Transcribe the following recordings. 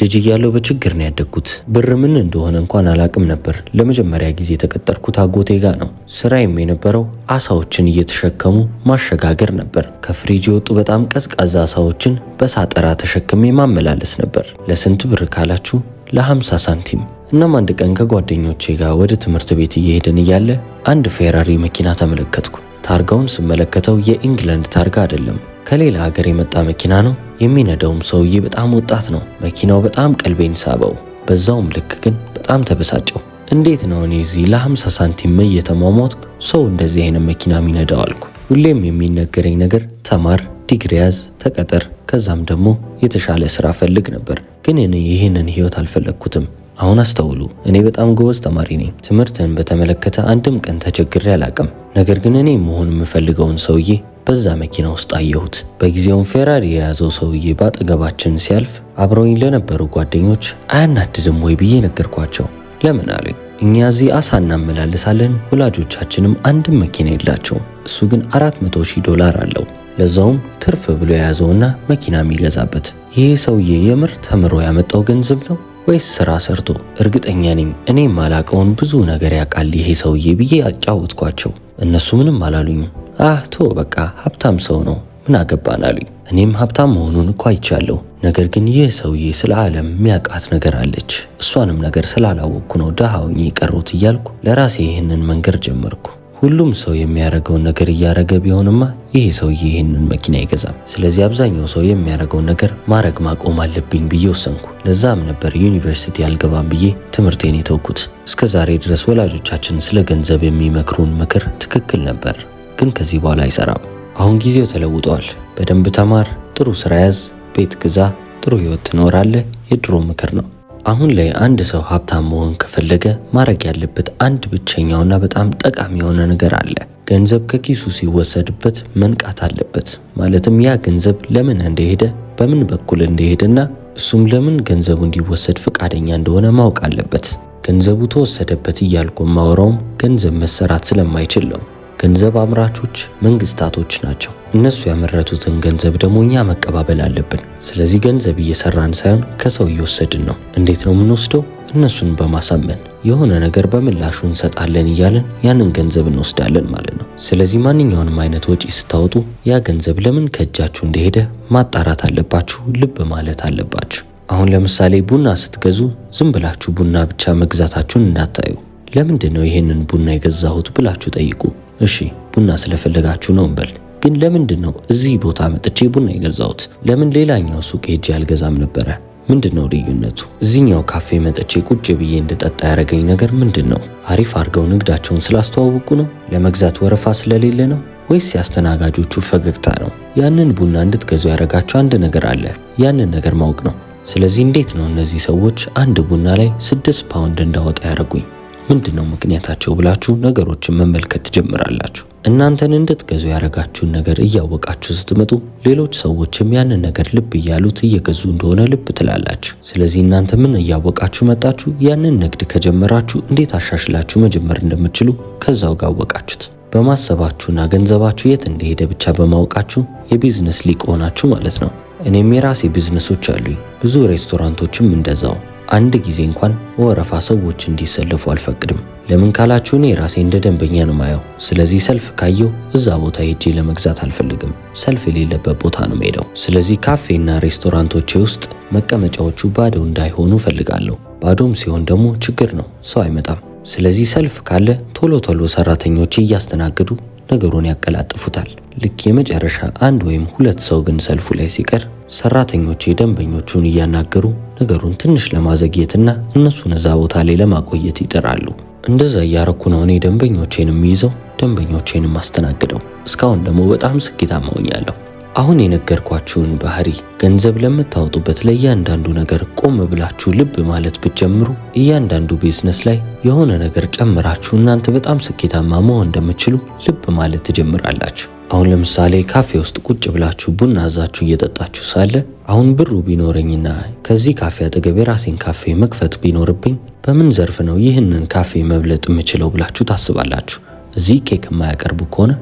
ልጅ እያለው በችግር ነው ያደግኩት። ብር ምን እንደሆነ እንኳን አላቅም ነበር። ለመጀመሪያ ጊዜ የተቀጠርኩት አጎቴ ጋ ነው። ስራዬም የነበረው አሳዎችን እየተሸከሙ ማሸጋገር ነበር። ከፍሪጅ የወጡ በጣም ቀዝቃዛ አሳዎችን በሳጠራ ተሸክሜ ማመላለስ ነበር። ለስንት ብር ካላችሁ ለ50 ሳንቲም። እናም አንድ ቀን ከጓደኞቼ ጋር ወደ ትምህርት ቤት እየሄድን እያለ አንድ ፌራሪ መኪና ተመለከትኩ። ታርጋውን ስመለከተው የኢንግላንድ ታርጋ አይደለም ከሌላ ሀገር የመጣ መኪና ነው። የሚነዳውም ሰውዬ በጣም ወጣት ነው። መኪናው በጣም ቀልቤን ሳበው፣ በዛውም ልክ ግን በጣም ተበሳጨው። እንዴት ነው እኔ እዚህ ለ50 ሳንቲም እየተሟሟትኩ ሰው እንደዚህ አይነት መኪና የሚነዳው አልኩ። ሁሌም የሚነገረኝ ነገር ተማር፣ ዲግሪ ያዝ፣ ተቀጠር፣ ከዛም ደግሞ የተሻለ ስራ ፈልግ ነበር። ግን እኔ ይህንን ህይወት አልፈለግኩትም። አሁን አስተውሉ፣ እኔ በጣም ጎበዝ ተማሪ ነኝ። ትምህርትን በተመለከተ አንድም ቀን ተቸግሬ አላቅም። ነገር ግን እኔ መሆን የምፈልገውን ሰውዬ በዛ መኪና ውስጥ አየሁት። በጊዜውም ፌራሪ የያዘው ሰውዬ በአጠገባችን ሲያልፍ አብረውኝ ለነበሩ ጓደኞች አያናድድም ወይ ብዬ ነገርኳቸው። ለምን አሉኝ። እኛ እዚህ አሳ እናመላልሳለን፣ ወላጆቻችንም አንድም መኪና የላቸውም። እሱ ግን አራት ሺህ ዶላር አለው ለዛውም ትርፍ ብሎ የያዘውና መኪና የሚገዛበት። ይህ ሰውዬ የምር ተምሮ ያመጣው ገንዘብ ነው ወይስ ስራ ሰርቶ? እርግጠኛ ነኝ እኔ ማላቀውን ብዙ ነገር ያውቃል ይሄ ሰውዬ ብዬ አጫወትኳቸው። እነሱ ምንም አላሉኝም። አህ ቶ በቃ ሀብታም ሰው ነው ምን አገባን አሉኝ። እኔም ሀብታም መሆኑን እኮ አይቻለሁ። ነገር ግን ይህ ሰውዬ ስለ ዓለም የሚያውቃት ነገር አለች። እሷንም ነገር ስላላወቅኩ ነው ደሃውኝ ቀሩት የቀሩት እያልኩ ለራሴ ይህንን መንገድ ጀመርኩ። ሁሉም ሰው የሚያደርገውን ነገር እያደረገ ቢሆንማ ይሄ ሰውዬ ይህንን መኪና አይገዛም። ስለዚህ አብዛኛው ሰው የሚያደርገውን ነገር ማድረግ ማቆም አለብኝ ብዬ ወሰንኩ። ለዛም ነበር ዩኒቨርሲቲ አልገባም ብዬ ትምህርቴን የተውኩት። እስከ ዛሬ ድረስ ወላጆቻችን ስለ ገንዘብ የሚመክሩን ምክር ትክክል ነበር፣ ግን ከዚህ በኋላ አይሰራም። አሁን ጊዜው ተለውጧል። በደንብ ተማር፣ ጥሩ ስራ ያዝ፣ ቤት ግዛ፣ ጥሩ ህይወት ትኖራለህ የድሮ ምክር ነው። አሁን ላይ አንድ ሰው ሀብታም መሆን ከፈለገ ማድረግ ያለበት አንድ ብቸኛውና በጣም ጠቃሚ የሆነ ነገር አለ። ገንዘብ ከኪሱ ሲወሰድበት መንቃት አለበት። ማለትም ያ ገንዘብ ለምን እንደሄደ፣ በምን በኩል እንደሄደና እሱም ለምን ገንዘቡ እንዲወሰድ ፈቃደኛ እንደሆነ ማወቅ አለበት። ገንዘቡ ተወሰደበት እያልኩ ማውራውም ገንዘብ መሰራት ስለማይችል ነው። ገንዘብ አምራቾች መንግስታቶች ናቸው። እነሱ ያመረቱትን ገንዘብ ደግሞ እኛ መቀባበል አለብን። ስለዚህ ገንዘብ እየሰራን ሳይሆን ከሰው እየወሰድን ነው። እንዴት ነው የምንወስደው? እነሱን በማሳመን የሆነ ነገር በምላሹ እንሰጣለን እያለን ያንን ገንዘብ እንወስዳለን ማለት ነው። ስለዚህ ማንኛውንም አይነት ወጪ ስታወጡ ያ ገንዘብ ለምን ከእጃችሁ እንደሄደ ማጣራት አለባችሁ፣ ልብ ማለት አለባችሁ። አሁን ለምሳሌ ቡና ስትገዙ ዝም ብላችሁ ቡና ብቻ መግዛታችሁን እንዳታዩ። ለምንድን ነው ይሄንን ቡና የገዛሁት ብላችሁ ጠይቁ። እሺ ቡና ስለፈለጋችሁ ነው እንበል። ግን ለምንድን ነው እዚህ ቦታ መጥቼ ቡና የገዛሁት? ለምን ሌላኛው ሱቅ ሄጄ አልገዛም ነበረ? ምንድን ነው ልዩነቱ? እዚህኛው ካፌ መጥቼ ቁጭ ብዬ እንድጠጣ ያደረገኝ ነገር ምንድን ነው? አሪፍ አድርገው ንግዳቸውን ስላስተዋውቁ ነው? ለመግዛት ወረፋ ስለሌለ ነው? ወይስ የአስተናጋጆቹ ፈገግታ ነው? ያንን ቡና እንድትገዙ ያደረጋቸው አንድ ነገር አለ። ያንን ነገር ማወቅ ነው። ስለዚህ እንዴት ነው እነዚህ ሰዎች አንድ ቡና ላይ ስድስት ፓውንድ እንዳወጣ ያደረጉኝ? ምንድን ነው ምክንያታቸው ብላችሁ ነገሮችን መመልከት ትጀምራላችሁ። እናንተን እንድትገዙ ያደረጋችሁን ነገር እያወቃችሁ ስትመጡ ሌሎች ሰዎችም ያንን ነገር ልብ እያሉት እየገዙ እንደሆነ ልብ ትላላችሁ። ስለዚህ እናንተ ምን እያወቃችሁ መጣችሁ? ያንን ንግድ ከጀመራችሁ እንዴት አሻሽላችሁ መጀመር እንደምትችሉ ከዛው ጋር አወቃችሁት። በማሰባችሁና ገንዘባችሁ የት እንደሄደ ብቻ በማወቃችሁ የቢዝነስ ሊቅ ሆናችሁ ማለት ነው። እኔም የራሴ ቢዝነሶች አሉኝ፣ ብዙ ሬስቶራንቶችም እንደዛው አንድ ጊዜ እንኳን ወረፋ ሰዎች እንዲሰለፉ አልፈቅድም። ለምን ካላችሁ እኔ ራሴ እንደ ደንበኛ ነው ማየው። ስለዚህ ሰልፍ ካየው እዛ ቦታ ሄጄ ለመግዛት አልፈልግም። ሰልፍ የሌለበት ቦታ ነው ሄደው። ስለዚህ ካፌና ሬስቶራንቶቼ ውስጥ መቀመጫዎቹ ባዶ እንዳይሆኑ ፈልጋለሁ ባዶም ሲሆን ደግሞ ችግር ነው፣ ሰው አይመጣም። ስለዚህ ሰልፍ ካለ ቶሎ ቶሎ ሰራተኞች እያስተናገዱ ነገሩን ያቀላጥፉታል። ልክ የመጨረሻ አንድ ወይም ሁለት ሰው ግን ሰልፉ ላይ ሲቀር ሰራተኞቼ ደንበኞቹን እያናገሩ ነገሩን ትንሽ ለማዘግየትና እነሱን እዛ ቦታ ላይ ለማቆየት ይጥራሉ። እንደዛ እያረኩ ነው እኔ ደንበኞቼንም ይዘው ደንበኞቼንም አስተናግደው እስካሁን ደግሞ በጣም ስኬታማ ሆኛለሁ። አሁን የነገርኳችሁን ባህሪ ገንዘብ ለምታወጡበት ለእያንዳንዱ ነገር ቆም ብላችሁ ልብ ማለት ብትጀምሩ እያንዳንዱ ቢዝነስ ላይ የሆነ ነገር ጨምራችሁ እናንተ በጣም ስኬታማ መሆን እንደምትችሉ ልብ ማለት ትጀምራላችሁ። አሁን ለምሳሌ ካፌ ውስጥ ቁጭ ብላችሁ ቡና አዛችሁ እየጠጣችሁ ሳለ አሁን ብሩ ቢኖረኝና ከዚህ ካፌ አጠገብ የራሴን ካፌ መክፈት ቢኖርብኝ በምን ዘርፍ ነው ይህንን ካፌ መብለጥ የምችለው ብላችሁ ታስባላችሁ። እዚህ ኬክ የማያቀርቡ ከሆነ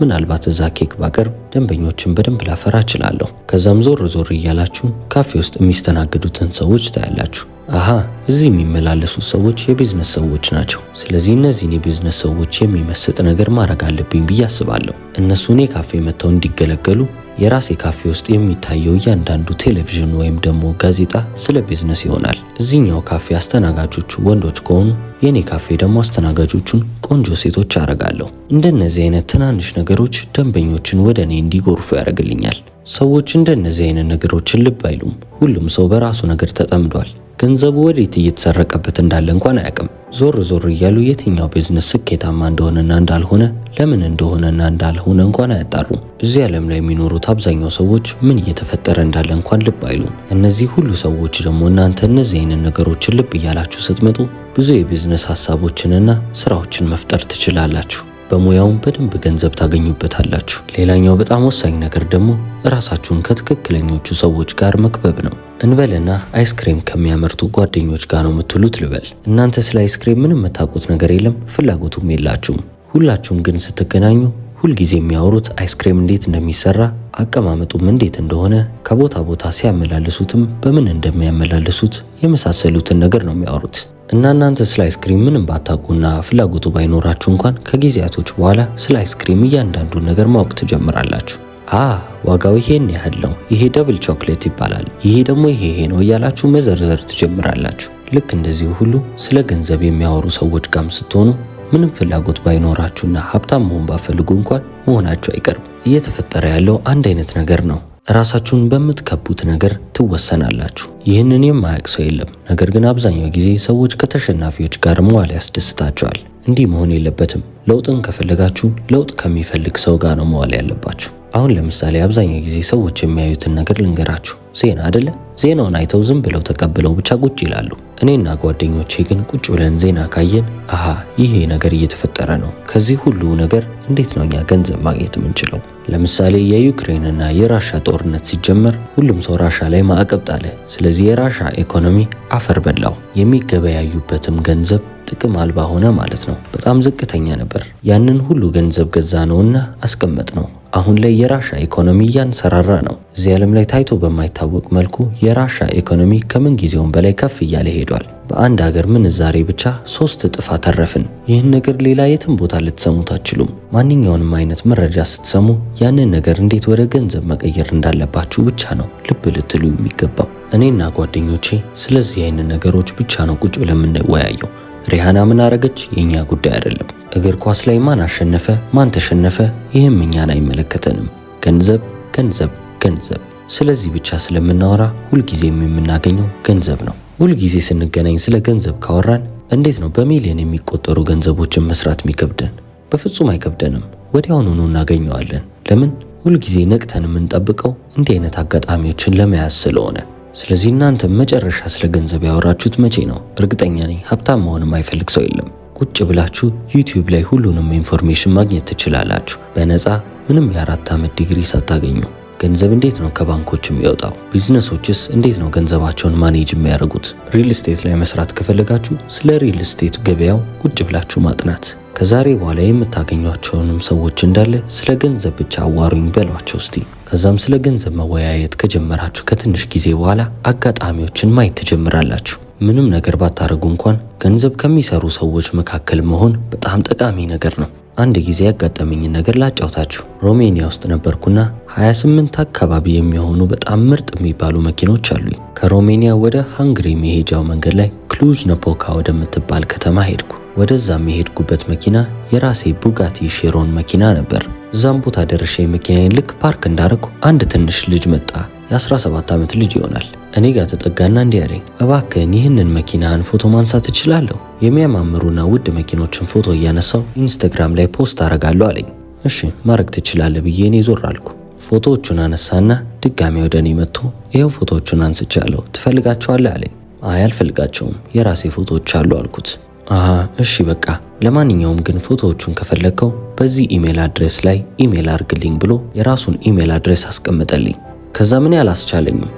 ምናልባት እዛ ኬክ ባቀርብ ደንበኞችን በደንብ ላፈራ እችላለሁ። ከዛም ዞር ዞር እያላችሁ ካፌ ውስጥ የሚስተናግዱትን ሰዎች ታያላችሁ። አሀ እዚህ የሚመላለሱት ሰዎች የቢዝነስ ሰዎች ናቸው። ስለዚህ እነዚህን የቢዝነስ ሰዎች የሚመስጥ ነገር ማድረግ አለብኝ ብዬ አስባለሁ። እነሱ እኔ ካፌ መጥተው እንዲገለገሉ የራሴ ካፌ ውስጥ የሚታየው እያንዳንዱ ቴሌቪዥን ወይም ደግሞ ጋዜጣ ስለ ቢዝነስ ይሆናል። እዚህኛው ካፌ አስተናጋጆቹ ወንዶች ከሆኑ የእኔ ካፌ ደግሞ አስተናጋጆቹን ቆንጆ ሴቶች አረጋለሁ። እንደነዚህ አይነት ትናንሽ ነገሮች ደንበኞችን ወደ እኔ እንዲጎርፉ ያደርግልኛል። ሰዎች እንደነዚህ አይነት ነገሮችን ልብ አይሉም። ሁሉም ሰው በራሱ ነገር ተጠምዷል። ገንዘቡ ወዴት እየተሰረቀበት እንዳለ እንኳን አያውቅም። ዞር ዞር እያሉ የትኛው ቢዝነስ ስኬታማ እንደሆነና እንዳልሆነ ለምን እንደሆነና እንዳልሆነ እንኳን አያጣሩም። እዚህ ዓለም ላይ የሚኖሩት አብዛኛው ሰዎች ምን እየተፈጠረ እንዳለ እንኳን ልብ አይሉም። እነዚህ ሁሉ ሰዎች ደግሞ እናንተ እነዚህ አይነት ነገሮችን ልብ እያላችሁ ስትመጡ ብዙ የቢዝነስ ሀሳቦችንና ስራዎችን መፍጠር ትችላላችሁ። በሙያውም በደንብ ገንዘብ ታገኙበታላችሁ። ሌላኛው በጣም ወሳኝ ነገር ደግሞ ራሳችሁን ከትክክለኞቹ ሰዎች ጋር መክበብ ነው። እንበልና አይስክሬም ከሚያመርቱ ጓደኞች ጋር ነው የምትሉት ልበል። እናንተ ስለ አይስክሬም ምንም የምታውቁት ነገር የለም፣ ፍላጎቱም የላችሁም። ሁላችሁም ግን ስትገናኙ ሁልጊዜ የሚያወሩት አይስክሬም እንዴት እንደሚሰራ አቀማመጡም እንዴት እንደሆነ ከቦታ ቦታ ሲያመላልሱትም በምን እንደሚያመላልሱት የመሳሰሉትን ነገር ነው የሚያወሩት። እና እናንተ ስለ አይስክሪም ምንም ባታውቁና ፍላጎቱ ባይኖራችሁ እንኳን ከጊዜያቶች በኋላ ስለ አይስክሪም እያንዳንዱን ነገር ማወቅ ትጀምራላችሁ። አ ዋጋው ይሄን ያህል ነው፣ ይሄ ደብል ቾክሌት ይባላል፣ ይሄ ደግሞ ይሄ ይሄ ነው እያላችሁ መዘርዘር ትጀምራላችሁ። ልክ እንደዚሁ ሁሉ ስለ ገንዘብ የሚያወሩ ሰዎች ጋም ስትሆኑ ምንም ፍላጎት ባይኖራችሁና ሀብታም መሆን ባፈልጉ እንኳን መሆናችሁ አይቀርም። እየተፈጠረ ያለው አንድ አይነት ነገር ነው። ራሳችሁን በምትከቡት ነገር ትወሰናላችሁ። ይህንን የማያውቅ ሰው የለም። ነገር ግን አብዛኛው ጊዜ ሰዎች ከተሸናፊዎች ጋር መዋል ያስደስታቸዋል። እንዲህ መሆን የለበትም። ለውጥን ከፈለጋችሁ ለውጥ ከሚፈልግ ሰው ጋር ነው መዋል ያለባችሁ። አሁን ለምሳሌ አብዛኛው ጊዜ ሰዎች የሚያዩትን ነገር ልንገራችሁ። ዜና አይደለ? ዜናውን አይተው ዝም ብለው ተቀብለው ብቻ ቁጭ ይላሉ። እኔና ጓደኞቼ ግን ቁጭ ብለን ዜና ካየን፣ አሃ ይሄ ነገር እየተፈጠረ ነው፣ ከዚህ ሁሉ ነገር እንዴት ነው እኛ ገንዘብ ማግኘት የምንችለው? ለምሳሌ የዩክሬንና የራሻ ጦርነት ሲጀመር ሁሉም ሰው ራሻ ላይ ማዕቀብ ጣለ። ስለዚህ የራሻ ኢኮኖሚ አፈር በላው፣ የሚገበያዩበትም ገንዘብ ጥቅም አልባ ሆነ ማለት ነው። በጣም ዝቅተኛ ነበር። ያንን ሁሉ ገንዘብ ገዛ ነውና አስቀመጥ ነው። አሁን ላይ የራሻ ኢኮኖሚ እያንሰራራ ነው። እዚህ ዓለም ላይ ታይቶ በማይታወቅ መልኩ የራሻ ኢኮኖሚ ከምን ጊዜውም በላይ ከፍ እያለ ሄዷል። በአንድ ሀገር ምንዛሬ ብቻ ሶስት እጥፍ አተረፍን። ይህን ነገር ሌላ የትም ቦታ ልትሰሙት አትችሉም። ማንኛውንም አይነት መረጃ ስትሰሙ ያንን ነገር እንዴት ወደ ገንዘብ መቀየር እንዳለባችሁ ብቻ ነው ልብ ልትሉ የሚገባው። እኔና ጓደኞቼ ስለዚህ አይነት ነገሮች ብቻ ነው ቁጭ ብለን የምንወያየው። ሪሃና ምን አረገች የእኛ ጉዳይ አይደለም። እግር ኳስ ላይ ማን አሸነፈ ማን ተሸነፈ፣ ይህም እኛን አይመለከተንም። ገንዘብ ገንዘብ ገንዘብ። ስለዚህ ብቻ ስለምናወራ ሁልጊዜም የምናገኘው ገንዘብ ነው። ሁልጊዜ ስንገናኝ ስለ ገንዘብ ካወራን እንዴት ነው በሚሊዮን የሚቆጠሩ ገንዘቦችን መስራት የሚከብደን? በፍጹም አይከብደንም። ወዲያውኑኑ እናገኘዋለን። ለምን ሁልጊዜ ነቅተን የምንጠብቀው እንዲህ አይነት አጋጣሚዎችን ለመያዝ ስለሆነ ስለዚህ እናንተ መጨረሻ ስለ ገንዘብ ያወራችሁት መቼ ነው? እርግጠኛ ነኝ ሀብታም መሆን የማይፈልግ ሰው የለም። ቁጭ ብላችሁ ዩቲዩብ ላይ ሁሉንም ኢንፎርሜሽን ማግኘት ትችላላችሁ በነፃ ምንም የአራት ዓመት ዲግሪ ሳታገኙ። ገንዘብ እንዴት ነው ከባንኮች የሚወጣው? ቢዝነሶችስ እንዴት ነው ገንዘባቸውን ማኔጅ የሚያደርጉት? ሪል ስቴት ላይ መስራት ከፈለጋችሁ ስለ ሪል ስቴት ገበያው ቁጭ ብላችሁ ማጥናት ከዛሬ በኋላ የምታገኟቸውንም ሰዎች እንዳለ ስለ ገንዘብ ብቻ አዋሩኝ በሏቸው እስቲ። ከዛም ስለ ገንዘብ መወያየት ከጀመራችሁ ከትንሽ ጊዜ በኋላ አጋጣሚዎችን ማየት ትጀምራላችሁ። ምንም ነገር ባታደርጉ እንኳን ገንዘብ ከሚሰሩ ሰዎች መካከል መሆን በጣም ጠቃሚ ነገር ነው። አንድ ጊዜ ያጋጠመኝን ነገር ላጫውታችሁ። ሮሜኒያ ውስጥ ነበርኩና 28 አካባቢ የሚሆኑ በጣም ምርጥ የሚባሉ መኪኖች አሉኝ። ከሮሜኒያ ወደ ሃንግሪ መሄጃው መንገድ ላይ ክሉጅ ነፖካ ወደምትባል ከተማ ሄድኩ። ወደዛ የሄድኩበት መኪና የራሴ ቡጋቲ ሼሮን መኪና ነበር። እዛም ቦታ ደርሼ መኪናዬን ልክ ፓርክ እንዳረኩ አንድ ትንሽ ልጅ መጣ። የ17 ዓመት ልጅ ይሆናል። እኔ ጋር ተጠጋና እንዲህ አለኝ፣ እባክህን ይህንን መኪናህን ፎቶ ማንሳት እችላለሁ? የሚያማምሩና ውድ መኪኖችን ፎቶ እያነሳው ኢንስታግራም ላይ ፖስት አረጋለሁ አለኝ። እሺ ማድረግ ትችላለህ ብዬ እኔ ዞር አልኩ። ፎቶዎቹን አነሳና ድጋሚ ወደ እኔ መጥቶ ይኸው ፎቶዎቹን አንስቻለሁ፣ ትፈልጋቸዋለህ አለኝ። አይ አልፈልጋቸውም፣ የራሴ ፎቶዎች አሉ አልኩት። አሃ እሺ በቃ ለማንኛውም ግን ፎቶዎቹን ከፈለግከው በዚህ ኢሜል አድሬስ ላይ ኢሜል አርግልኝ ብሎ የራሱን ኢሜል አድሬስ አስቀምጠልኝ። ከዛ ምን ያህል አስቻለኝም?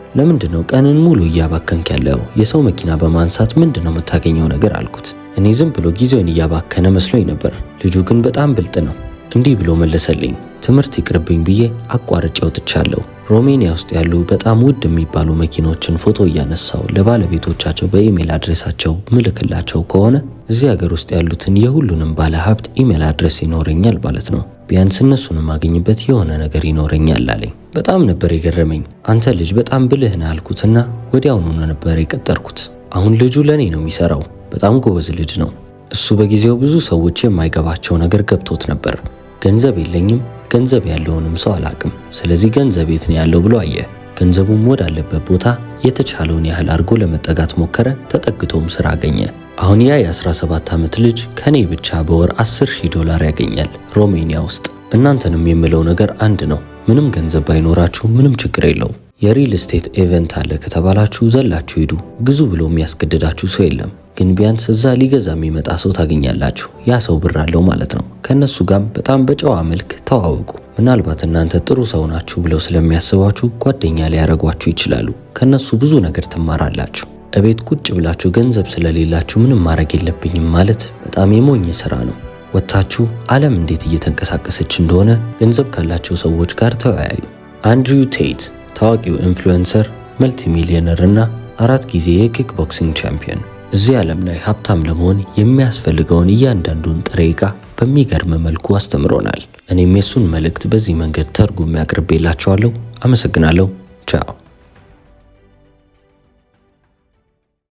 ነው ቀንን ሙሉ እያባከንክ ያለው የሰው መኪና በማንሳት ምንድነው የምታገኘው ነገር አልኩት። እኔ ዝም ብሎ ጊዜውን እያባከነ መስሎኝ ነበር። ልጁ ግን በጣም ብልጥ ነው። እንዲህ ብሎ መለሰልኝ። ትምህርት ይቅርብኝ ብዬ አቋርጬ ወጥቻለሁ። ሮሜኒያ ውስጥ ያሉ በጣም ውድ የሚባሉ መኪኖችን ፎቶ እያነሳው ለባለቤቶቻቸው በኢሜል አድሬሳቸው ምልክላቸው ከሆነ እዚህ ሀገር ውስጥ ያሉትን የሁሉንም ባለ ሀብት ኢሜል አድሬስ ይኖረኛል ማለት ነው። ቢያንስ እነሱን የማገኝበት የሆነ ነገር ይኖረኛል አለኝ። በጣም ነበር የገረመኝ። አንተ ልጅ በጣም ብልህ ነህ አልኩትና ወዲያውኑ ነበር የቀጠርኩት። አሁን ልጁ ለእኔ ነው የሚሰራው። በጣም ጎበዝ ልጅ ነው። እሱ በጊዜው ብዙ ሰዎች የማይገባቸው ነገር ገብቶት ነበር። ገንዘብ የለኝም፣ ገንዘብ ያለውንም ሰው አላቅም፣ ስለዚህ ገንዘብ የት ነው ያለው ብሎ አየ። ገንዘቡም ወዳለበት ቦታ የተቻለውን ያህል አድርጎ ለመጠጋት ሞከረ። ተጠግቶም ስራ አገኘ። አሁን ያ የ17 ዓመት ልጅ ከኔ ብቻ በወር 10 ሺህ ዶላር ያገኛል ሮሜኒያ ውስጥ። እናንተንም የምለው ነገር አንድ ነው። ምንም ገንዘብ ባይኖራችሁ ምንም ችግር የለው። የሪል ስቴት ኢቨንት አለ ከተባላችሁ ዘላችሁ ሂዱ። ግዙ ብሎ የሚያስገድዳችሁ ሰው የለም። ግን ቢያንስ እዛ ሊገዛ የሚመጣ ሰው ታገኛላችሁ። ያ ሰው ብር አለው ማለት ነው። ከእነሱ ጋም በጣም በጨዋ መልክ ተዋወቁ። ምናልባት እናንተ ጥሩ ሰው ናችሁ ብለው ስለሚያስባችሁ ጓደኛ ሊያረጓችሁ ይችላሉ። ከእነሱ ብዙ ነገር ትማራላችሁ። እቤት ቁጭ ብላችሁ ገንዘብ ስለሌላችሁ ምንም ማድረግ የለብኝም ማለት በጣም የሞኝ ስራ ነው። ወጥታችሁ ዓለም እንዴት እየተንቀሳቀሰች እንደሆነ ገንዘብ ካላቸው ሰዎች ጋር ተወያዩ። አንድሪው ቴይት ታዋቂው ኢንፍሉዌንሰር፣ መልቲ ሚሊዮነር እና አራት ጊዜ የኪክ ቦክሲንግ ቻምፒዮን እዚህ ዓለም ላይ ሀብታም ለመሆን የሚያስፈልገውን እያንዳንዱን ጥሬ ዕቃ በሚገርም መልኩ አስተምሮናል። እኔም የሱን መልእክት በዚህ መንገድ ተርጉም አቅርቤላችኋለሁ። አመሰግናለሁ። ቻው